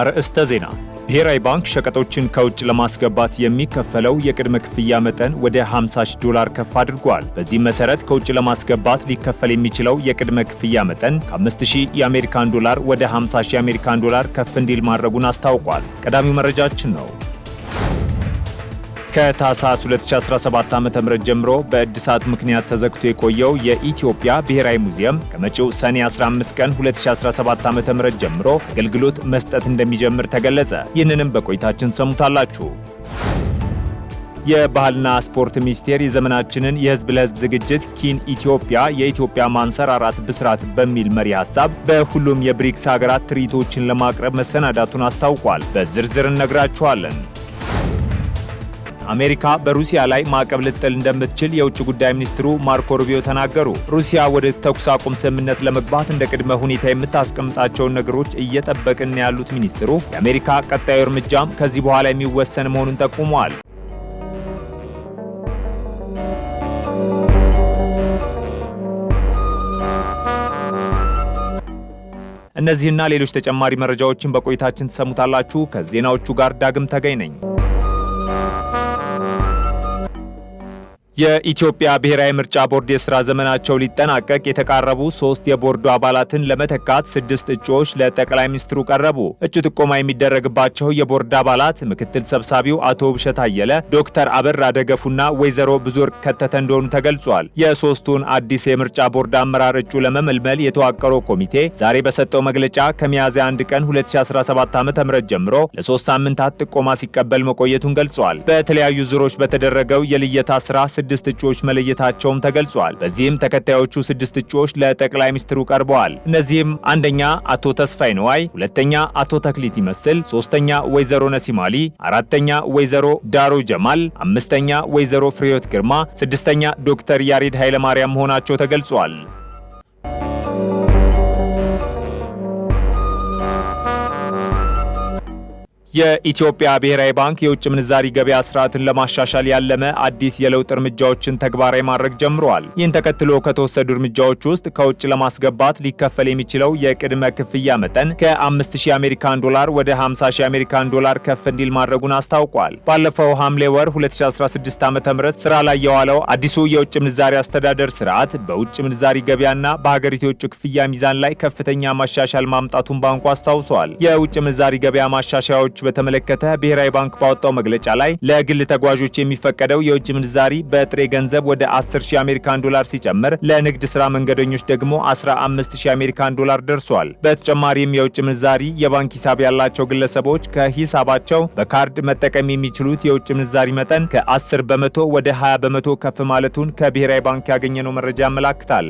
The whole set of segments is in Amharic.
አርዕስተ ዜና ብሔራዊ ባንክ ሸቀጦችን ከውጭ ለማስገባት የሚከፈለው የቅድመ ክፍያ መጠን ወደ 50 ዶላር ከፍ አድርጓል። በዚህም መሰረት ከውጭ ለማስገባት ሊከፈል የሚችለው የቅድመ ክፍያ መጠን ከ5000 የአሜሪካን ዶላር ወደ 50 የአሜሪካን ዶላር ከፍ እንዲል ማድረጉን አስታውቋል። ቀዳሚው መረጃችን ነው። ከታህሳስ 2017 ዓ.ም ጀምሮ በእድሳት ምክንያት ተዘግቶ የቆየው የኢትዮጵያ ብሔራዊ ሙዚየም ከመጪው ሰኔ 15 ቀን 2017 ዓ.ም ጀምሮ አገልግሎት መስጠት እንደሚጀምር ተገለጸ። ይህንንም በቆይታችን ሰሙታላችሁ። የባህልና ስፖርት ሚኒስቴር የዘመናችንን የህዝብ ለህዝብ ዝግጅት ኪን ኢትዮጵያ የኢትዮጵያ ማንሰራራት ብስራት በሚል መሪ ሀሳብ በሁሉም የብሪክስ ሀገራት ትርኢቶችን ለማቅረብ መሰናዳቱን አስታውቋል። በዝርዝር እነግራችኋለን። አሜሪካ በሩሲያ ላይ ማዕቀብ ልጥል እንደምትችል የውጭ ጉዳይ ሚኒስትሩ ማርኮ ሩቢዮ ተናገሩ። ሩሲያ ወደ ተኩስ አቁም ስምምነት ለመግባት እንደ ቅድመ ሁኔታ የምታስቀምጣቸውን ነገሮች እየጠበቅን ያሉት ሚኒስትሩ የአሜሪካ ቀጣዩ እርምጃም ከዚህ በኋላ የሚወሰን መሆኑን ጠቁመዋል። እነዚህና ሌሎች ተጨማሪ መረጃዎችን በቆይታችን ትሰሙታላችሁ። ከዜናዎቹ ጋር ዳግም ተገኝ ነኝ። የኢትዮጵያ ብሔራዊ ምርጫ ቦርድ የስራ ዘመናቸው ሊጠናቀቅ የተቃረቡ ሶስት የቦርዱ አባላትን ለመተካት ስድስት እጩዎች ለጠቅላይ ሚኒስትሩ ቀረቡ። እጩ ጥቆማ የሚደረግባቸው የቦርድ አባላት ምክትል ሰብሳቢው አቶ ውብሸት አየለ፣ ዶክተር አበራ ደገፉና ወይዘሮ ብዙር ከተተ እንደሆኑ ተገልጿል። የሶስቱን አዲስ የምርጫ ቦርድ አመራር እጩ ለመመልመል የተዋቀረው ኮሚቴ ዛሬ በሰጠው መግለጫ ከሚያዝያ 1 ቀን 2017 ዓ ም ጀምሮ ለሶስት ሳምንታት ጥቆማ ሲቀበል መቆየቱን ገልጿል። በተለያዩ ዙሮች በተደረገው የልየታ ስራ ስድስት እጩዎች መለየታቸውም ተገልጿል። በዚህም ተከታዮቹ ስድስት እጩዎች ለጠቅላይ ሚኒስትሩ ቀርበዋል። እነዚህም አንደኛ አቶ ተስፋይ ነዋይ፣ ሁለተኛ አቶ ተክሊት ይመስል፣ ሶስተኛ ወይዘሮ ነሲማሊ፣ አራተኛ ወይዘሮ ዳሮ ጀማል፣ አምስተኛ ወይዘሮ ፍሬዮት ግርማ፣ ስድስተኛ ዶክተር ያሬድ ኃይለማርያም መሆናቸው ተገልጿል። የኢትዮጵያ ብሔራዊ ባንክ የውጭ ምንዛሪ ገበያ ስርዓትን ለማሻሻል ያለመ አዲስ የለውጥ እርምጃዎችን ተግባራዊ ማድረግ ጀምሯል። ይህን ተከትሎ ከተወሰዱ እርምጃዎች ውስጥ ከውጭ ለማስገባት ሊከፈል የሚችለው የቅድመ ክፍያ መጠን ከ5000 አሜሪካን ዶላር ወደ 50000 አሜሪካን ዶላር ከፍ እንዲል ማድረጉን አስታውቋል። ባለፈው ሐምሌ ወር 2016 ዓ ም ስራ ላይ የዋለው አዲሱ የውጭ ምንዛሪ አስተዳደር ስርዓት በውጭ ምንዛሪ ገበያና በሀገሪቱ የውጭ ክፍያ ሚዛን ላይ ከፍተኛ ማሻሻል ማምጣቱን ባንኩ አስታውሷል። የውጭ ምንዛሪ ገበያ ማሻሻያዎች በተመለከተ ብሔራዊ ባንክ ባወጣው መግለጫ ላይ ለግል ተጓዦች የሚፈቀደው የውጭ ምንዛሪ በጥሬ ገንዘብ ወደ 10 ሺህ አሜሪካን ዶላር ሲጨምር ለንግድ ሥራ መንገደኞች ደግሞ 15 ሺህ አሜሪካን ዶላር ደርሷል። በተጨማሪም የውጭ ምንዛሪ የባንክ ሂሳብ ያላቸው ግለሰቦች ከሂሳባቸው በካርድ መጠቀም የሚችሉት የውጭ ምንዛሪ መጠን ከ10 በመቶ ወደ 20 በመቶ ከፍ ማለቱን ከብሔራዊ ባንክ ያገኘነው መረጃ ያመላክታል።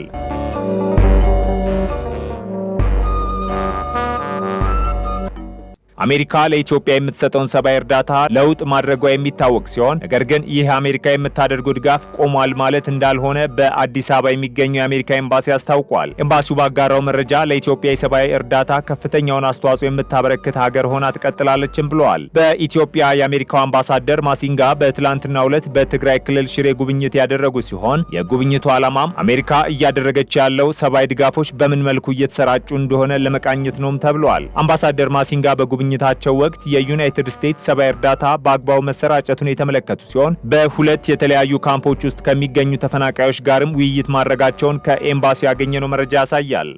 አሜሪካ ለኢትዮጵያ የምትሰጠውን ሰብአዊ እርዳታ ለውጥ ማድረጓ የሚታወቅ ሲሆን ነገር ግን ይህ አሜሪካ የምታደርገው ድጋፍ ቆሟል ማለት እንዳልሆነ በአዲስ አበባ የሚገኘው የአሜሪካ ኤምባሲ አስታውቋል። ኤምባሲው ባጋራው መረጃ ለኢትዮጵያ የሰብአዊ እርዳታ ከፍተኛውን አስተዋጽኦ የምታበረክት ሀገር ሆና ትቀጥላለችም ብለዋል። በኢትዮጵያ የአሜሪካው አምባሳደር ማሲንጋ በትላንትናው ሁለት በትግራይ ክልል ሽሬ ጉብኝት ያደረጉ ሲሆን የጉብኝቱ ዓላማም አሜሪካ እያደረገች ያለው ሰብአዊ ድጋፎች በምን መልኩ እየተሰራጩ እንደሆነ ለመቃኘት ነውም ተብለዋል። አምባሳደር ማሲንጋ በጉብኝ ጉብኝታቸው ወቅት የዩናይትድ ስቴትስ ሰብአዊ እርዳታ በአግባቡ መሰራጨቱን የተመለከቱ ሲሆን በሁለት የተለያዩ ካምፖች ውስጥ ከሚገኙ ተፈናቃዮች ጋርም ውይይት ማድረጋቸውን ከኤምባሲው ያገኘነው መረጃ ያሳያል።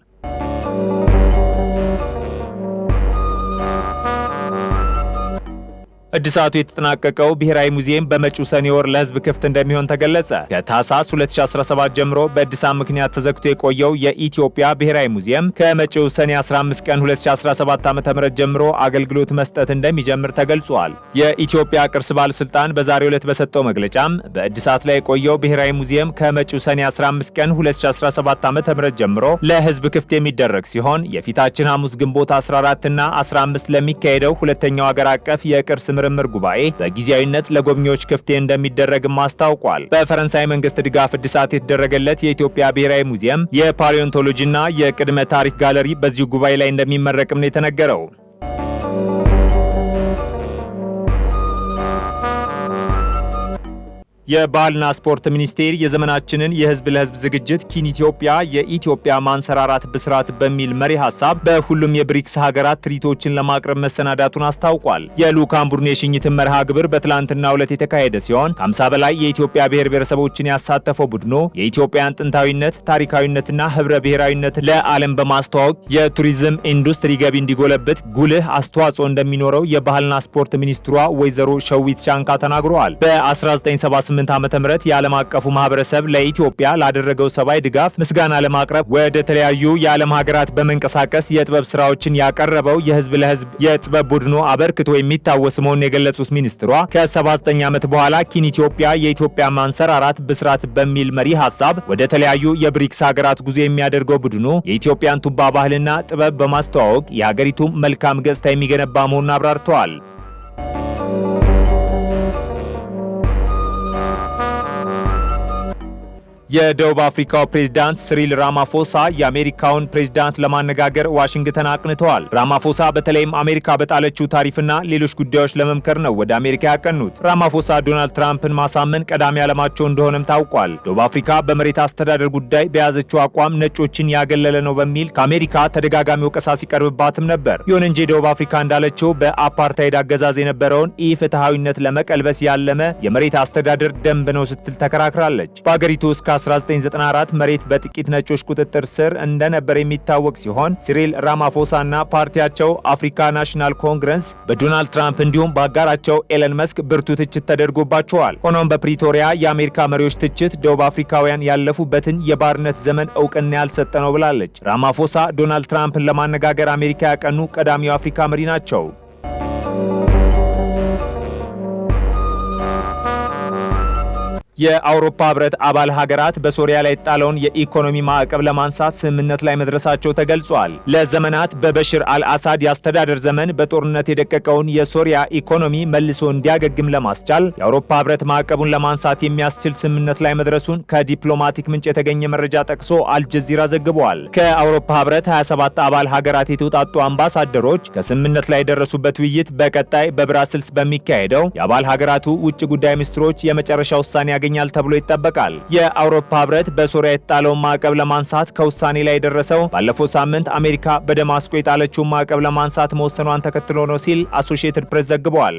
እድሳቱ የተጠናቀቀው ብሔራዊ ሙዚየም በመጪው ሰኔ ወር ለህዝብ ክፍት እንደሚሆን ተገለጸ። ከታህሳስ 2017 ጀምሮ በእድሳት ምክንያት ተዘግቶ የቆየው የኢትዮጵያ ብሔራዊ ሙዚየም ከመጪው ሰኔ 15 ቀን 2017 ዓ.ም ጀምሮ አገልግሎት መስጠት እንደሚጀምር ተገልጿል። የኢትዮጵያ ቅርስ ባለስልጣን በዛሬው ዕለት በሰጠው መግለጫም በእድሳት ላይ የቆየው ብሔራዊ ሙዚየም ከመጪው ሰኔ 15 ቀን 2017 ዓ.ም ጀምሮ ለህዝብ ክፍት የሚደረግ ሲሆን የፊታችን ሐሙስ ግንቦት 14 እና 15 ለሚካሄደው ሁለተኛው አገር አቀፍ የቅርስ ምርምር ጉባኤ በጊዜያዊነት ለጎብኚዎች ክፍት እንደሚደረግም አስታውቋል። በፈረንሳይ መንግስት ድጋፍ እድሳት የተደረገለት የኢትዮጵያ ብሔራዊ ሙዚየም የፓሊዮንቶሎጂና የቅድመ ታሪክ ጋለሪ በዚሁ ጉባኤ ላይ እንደሚመረቅም ነው የተነገረው። የባህልና ስፖርት ሚኒስቴር የዘመናችንን የህዝብ ለህዝብ ዝግጅት ኪን ኢትዮጵያ የኢትዮጵያ ማንሰራራት ብስራት በሚል መሪ ሀሳብ በሁሉም የብሪክስ ሀገራት ትርኢቶችን ለማቅረብ መሰናዳቱን አስታውቋል። የልዑካን ቡድን የሽኝትን መርሃ ግብር በትላንትናው ዕለት የተካሄደ ሲሆን ከ50 በላይ የኢትዮጵያ ብሔር ብሔረሰቦችን ያሳተፈው ቡድኑ የኢትዮጵያን ጥንታዊነት፣ ታሪካዊነትና ህብረ ብሔራዊነት ለዓለም በማስተዋወቅ የቱሪዝም ኢንዱስትሪ ገቢ እንዲጎለብት ጉልህ አስተዋጽኦ እንደሚኖረው የባህልና ስፖርት ሚኒስትሯ ወይዘሮ ሸዊት ሻንካ ተናግረዋል። በ1978 ዓመተ ዓ.ም የዓለም አቀፉ ማህበረሰብ ለኢትዮጵያ ላደረገው ሰብአዊ ድጋፍ ምስጋና ለማቅረብ ወደ ተለያዩ የዓለም ሀገራት በመንቀሳቀስ የጥበብ ስራዎችን ያቀረበው የህዝብ ለህዝብ የጥበብ ቡድኑ አበርክቶ የሚታወስ መሆኑን የገለጹት ሚኒስትሯ ከ79 ዓመት በኋላ ኪን ኢትዮጵያ የኢትዮጵያ ማንሰራራት ብስራት በሚል መሪ ሀሳብ ወደ ተለያዩ የብሪክስ ሀገራት ጉዞ የሚያደርገው ቡድኑ የኢትዮጵያን ቱባ ባህልና ጥበብ በማስተዋወቅ የሀገሪቱ መልካም ገጽታ የሚገነባ መሆኑን አብራርተዋል። የደቡብ አፍሪካው ፕሬዝዳንት ስሪል ራማፎሳ የአሜሪካውን ፕሬዝዳንት ለማነጋገር ዋሽንግተን አቅንተዋል። ራማፎሳ በተለይም አሜሪካ በጣለችው ታሪፍና ሌሎች ጉዳዮች ለመምከር ነው ወደ አሜሪካ ያቀኑት። ራማፎሳ ዶናልድ ትራምፕን ማሳመን ቀዳሚ ዓላማቸው እንደሆነም ታውቋል። ደቡብ አፍሪካ በመሬት አስተዳደር ጉዳይ በያዘችው አቋም ነጮችን ያገለለ ነው በሚል ከአሜሪካ ተደጋጋሚ ወቀሳ ሲቀርብባትም ነበር። ይሁን እንጂ ደቡብ አፍሪካ እንዳለችው በአፓርታይድ አገዛዝ የነበረውን ኢፍትሐዊነት ለመቀልበስ ያለመ የመሬት አስተዳደር ደንብ ነው ስትል ተከራክራለች። በአገሪቱ እስከ 1994 መሬት በጥቂት ነጮች ቁጥጥር ስር እንደነበር የሚታወቅ ሲሆን ሲሪል ራማፎሳ እና ፓርቲያቸው አፍሪካ ናሽናል ኮንግረስ በዶናልድ ትራምፕ እንዲሁም በአጋራቸው ኤለን መስክ ብርቱ ትችት ተደርጎባቸዋል። ሆኖም በፕሪቶሪያ የአሜሪካ መሪዎች ትችት ደቡብ አፍሪካውያን ያለፉበትን የባርነት ዘመን እውቅና ያልሰጠ ነው ብላለች። ራማፎሳ ዶናልድ ትራምፕን ለማነጋገር አሜሪካ ያቀኑ ቀዳሚው አፍሪካ መሪ ናቸው። የአውሮፓ ህብረት አባል ሀገራት በሶሪያ ላይ የጣለውን የኢኮኖሚ ማዕቀብ ለማንሳት ስምምነት ላይ መድረሳቸው ተገልጿል። ለዘመናት በበሽር አልአሳድ የአስተዳደር ዘመን በጦርነት የደቀቀውን የሶሪያ ኢኮኖሚ መልሶ እንዲያገግም ለማስቻል የአውሮፓ ህብረት ማዕቀቡን ለማንሳት የሚያስችል ስምምነት ላይ መድረሱን ከዲፕሎማቲክ ምንጭ የተገኘ መረጃ ጠቅሶ አልጀዚራ ዘግቧል። ከአውሮፓ ህብረት 27 አባል ሀገራት የተውጣጡ አምባሳደሮች ከስምምነት ላይ የደረሱበት ውይይት በቀጣይ በብራስልስ በሚካሄደው የአባል ሀገራቱ ውጭ ጉዳይ ሚኒስትሮች የመጨረሻ ውሳኔ ያገኝ ያገኛል ተብሎ ይጠበቃል። የአውሮፓ ህብረት በሶሪያ የተጣለውን ማዕቀብ ለማንሳት ከውሳኔ ላይ የደረሰው ባለፈው ሳምንት አሜሪካ በደማስቆ የጣለችውን ማዕቀብ ለማንሳት መወሰኗን ተከትሎ ነው ሲል አሶሺየትድ ፕሬስ ዘግቧል።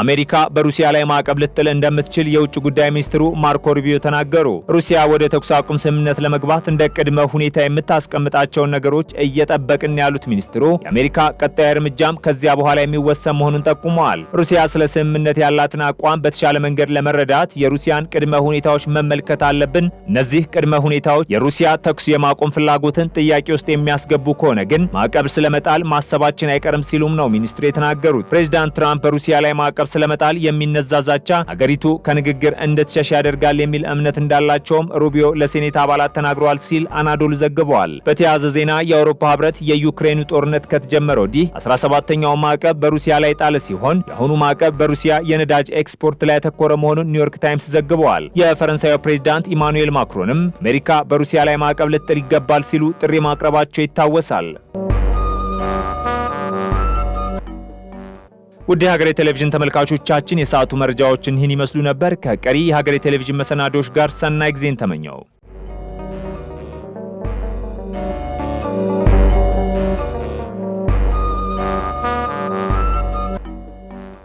አሜሪካ በሩሲያ ላይ ማዕቀብ ልጥል እንደምትችል የውጭ ጉዳይ ሚኒስትሩ ማርኮ ሩቢዮ ተናገሩ። ሩሲያ ወደ ተኩስ አቁም ስምምነት ለመግባት እንደ ቅድመ ሁኔታ የምታስቀምጣቸውን ነገሮች እየጠበቅን ያሉት ሚኒስትሩ የአሜሪካ ቀጣይ እርምጃም ከዚያ በኋላ የሚወሰን መሆኑን ጠቁመዋል። ሩሲያ ስለ ስምምነት ያላትን አቋም በተሻለ መንገድ ለመረዳት የሩሲያን ቅድመ ሁኔታዎች መመልከት አለብን። እነዚህ ቅድመ ሁኔታዎች የሩሲያ ተኩስ የማቆም ፍላጎትን ጥያቄ ውስጥ የሚያስገቡ ከሆነ ግን ማዕቀብ ስለመጣል ማሰባችን አይቀርም ሲሉም ነው ሚኒስትሩ የተናገሩት። ፕሬዚዳንት ትራምፕ በሩሲያ ላይ ማዕቀብ ማዕቀብ ስለመጣል የሚነዛ ዛቻ አገሪቱ ከንግግር እንድትሸሽ ያደርጋል የሚል እምነት እንዳላቸውም ሩቢዮ ለሴኔት አባላት ተናግረዋል ሲል አናዶል ዘግበዋል። በተያያዘ ዜና የአውሮፓ ህብረት የዩክሬኑ ጦርነት ከተጀመረ ወዲህ 17ኛው ማዕቀብ በሩሲያ ላይ ጣለ ሲሆን የአሁኑ ማዕቀብ በሩሲያ የነዳጅ ኤክስፖርት ላይ ያተኮረ መሆኑን ኒውዮርክ ታይምስ ዘግበዋል። የፈረንሳዩ ፕሬዚዳንት ኢማኑኤል ማክሮንም አሜሪካ በሩሲያ ላይ ማዕቀብ ልጥል ይገባል ሲሉ ጥሪ ማቅረባቸው ይታወሳል። ውድ የሀገሬ ቴሌቪዥን ተመልካቾቻችን የሰዓቱ መረጃዎችን ይህን ይመስሉ ነበር። ከቀሪ የሀገሬ ቴሌቪዥን መሰናዶች ጋር ሰናይ ጊዜን ተመኘው።